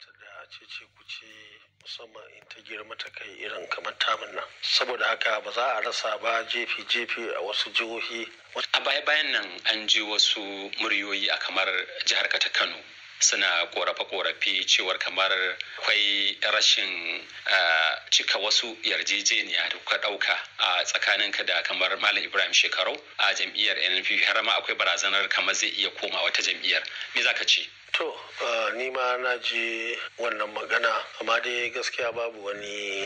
ta da cece kuce musamman in ta girma ta kai irin kamar tamun nan saboda haka ba za a rasa ba jefi jefi a wasu jihohi a baya bayan nan an ji wasu muryoyi a kamar jihar ta kano suna korafe-korafe cewar kamar kwai rashin cika wasu yarjejeniya da kuka ɗauka a tsakaninka da kamar malam ibrahim shekaru a jam'iyyar nnpp har ma akwai barazanar kamar zai iya koma wata jam'iyyar me za ka ce To, ni ma na ji wannan magana, amma dai gaskiya babu wani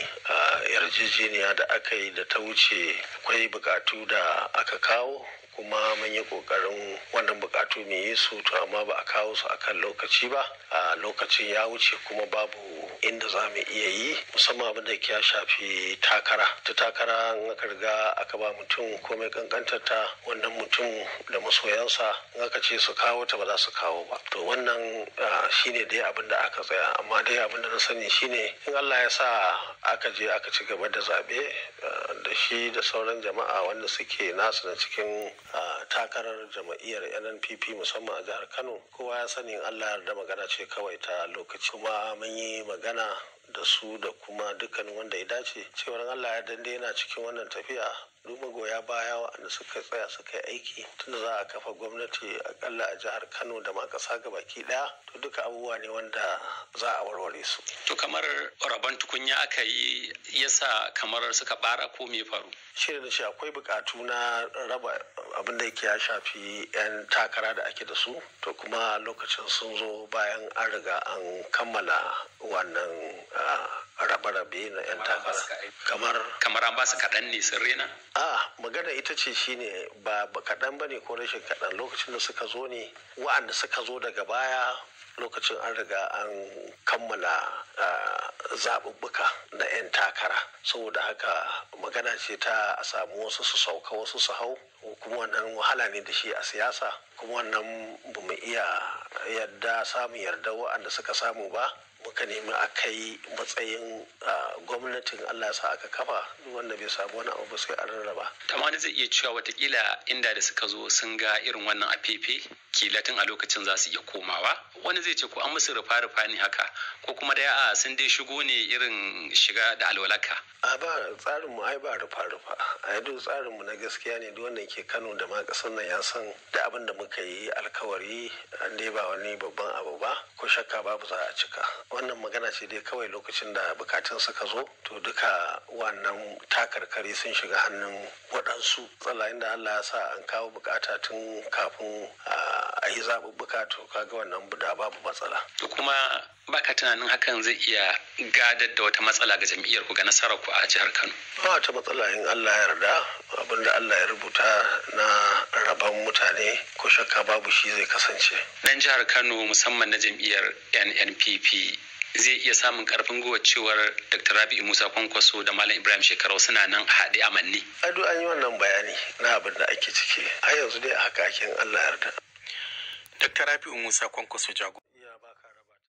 yarjejeniya da aka yi da ta wuce akwai bukatu da aka kawo kuma mun yi kokarin wannan bukatu mu yi su to amma ba a kawo su a kan lokaci ba a lokacin ya wuce kuma babu inda za mu iya yi musamman abin da ya shafi takara ta takara in aka riga aka ba mutum komai kankantar ta wannan mutum da masoyansa in aka ce su kawo ta ba za su kawo ba to wannan shine dai abin da aka tsaya amma dai abin da na sani shine in Allah ya sa aka je aka ci gaba da zabe da shi da sauran jama'a wanda suke nasu na cikin takarar jama'iyyar NNPP musamman a jihar Kano kowa ya sani in Allah ya yarda magana ce kawai ta lokaci kuma mun yi magana 干啊！da su da kuma dukkan wanda ya dace cewar Allah ya dande yana cikin wannan tafiya duma goya baya waɗanda suka tsaya suka yi aiki tunda za a kafa gwamnati akalla a jihar Kano da ma ƙasa gabaki ɗaya to duka abubuwa ne wanda za a warware su. To kamar rabon tukunya aka yi yasa kamar suka bara ko me faru? Shi da shi akwai bukatu na raba abin da yake ya shafi 'yan takara da ake da su to kuma lokacin sun zo bayan an riga an kammala wannan rabe-rabe na 'yan takara kamar kamar an ba su kaɗan ne sun rena a magana ita ce shine ba kaɗan ba ne ko rashin kaɗan lokacin da suka zo ne wa'anda suka zo daga baya lokacin an riga an kammala zaɓuɓɓuka na 'yan takara saboda haka magana ce ta a samu wasu su sauka wasu su hau kuma wannan wahala ne da shi a siyasa kuma wannan bamu iya yarda samun yarda wa'anda suka samu ba muka nemi a kai matsayin gwamnatin Allah sa aka kafa wanda bai samu wani abu sai an rarraba. Tamani zai iya cewa watakila inda da suka zo sun ga irin wannan a fefe kilatin a lokacin za su iya komawa wani zai ce ko an musu rufa rufa ne haka ko kuma da ya'a sun dai shigo ne irin shiga da alwalaka a ba tsarin mu ai ba rufa rufa A yadda tsarin mu na gaskiya ne duk wanda ke Kano da ma kasar nan ya san da abin da muka yi alkawari an dai ba wani babban abu ba ko shakka babu za a cika wannan magana ce dai kawai lokacin da bukatun suka zo to duka wannan takarkari sun shiga hannun waɗansu tsala da Allah ya sa an kawo bukata tun kafin a ah, a yi zaɓuɓɓuka to kaga wannan da babu matsala. To kuma baka tunanin hakan zai iya gadar da wata matsala ga jam'iyyar ku ga nasarar ku a jihar Kano. Ba wata matsala in Allah ya yarda abin da Allah ya rubuta na rabon mutane ko shakka babu shi zai kasance. Ɗan jihar Kano musamman na jam'iyyar NNPP zai iya samun karfin gowar cewar dr rabi'u musa kwankwaso da malam ibrahim shekarau suna nan haɗe a manni an yi wannan bayani na abin da ake ciki har yanzu dai a haka ake allah yarda Dr. Rabi'u Musa Kwankwaso Jago.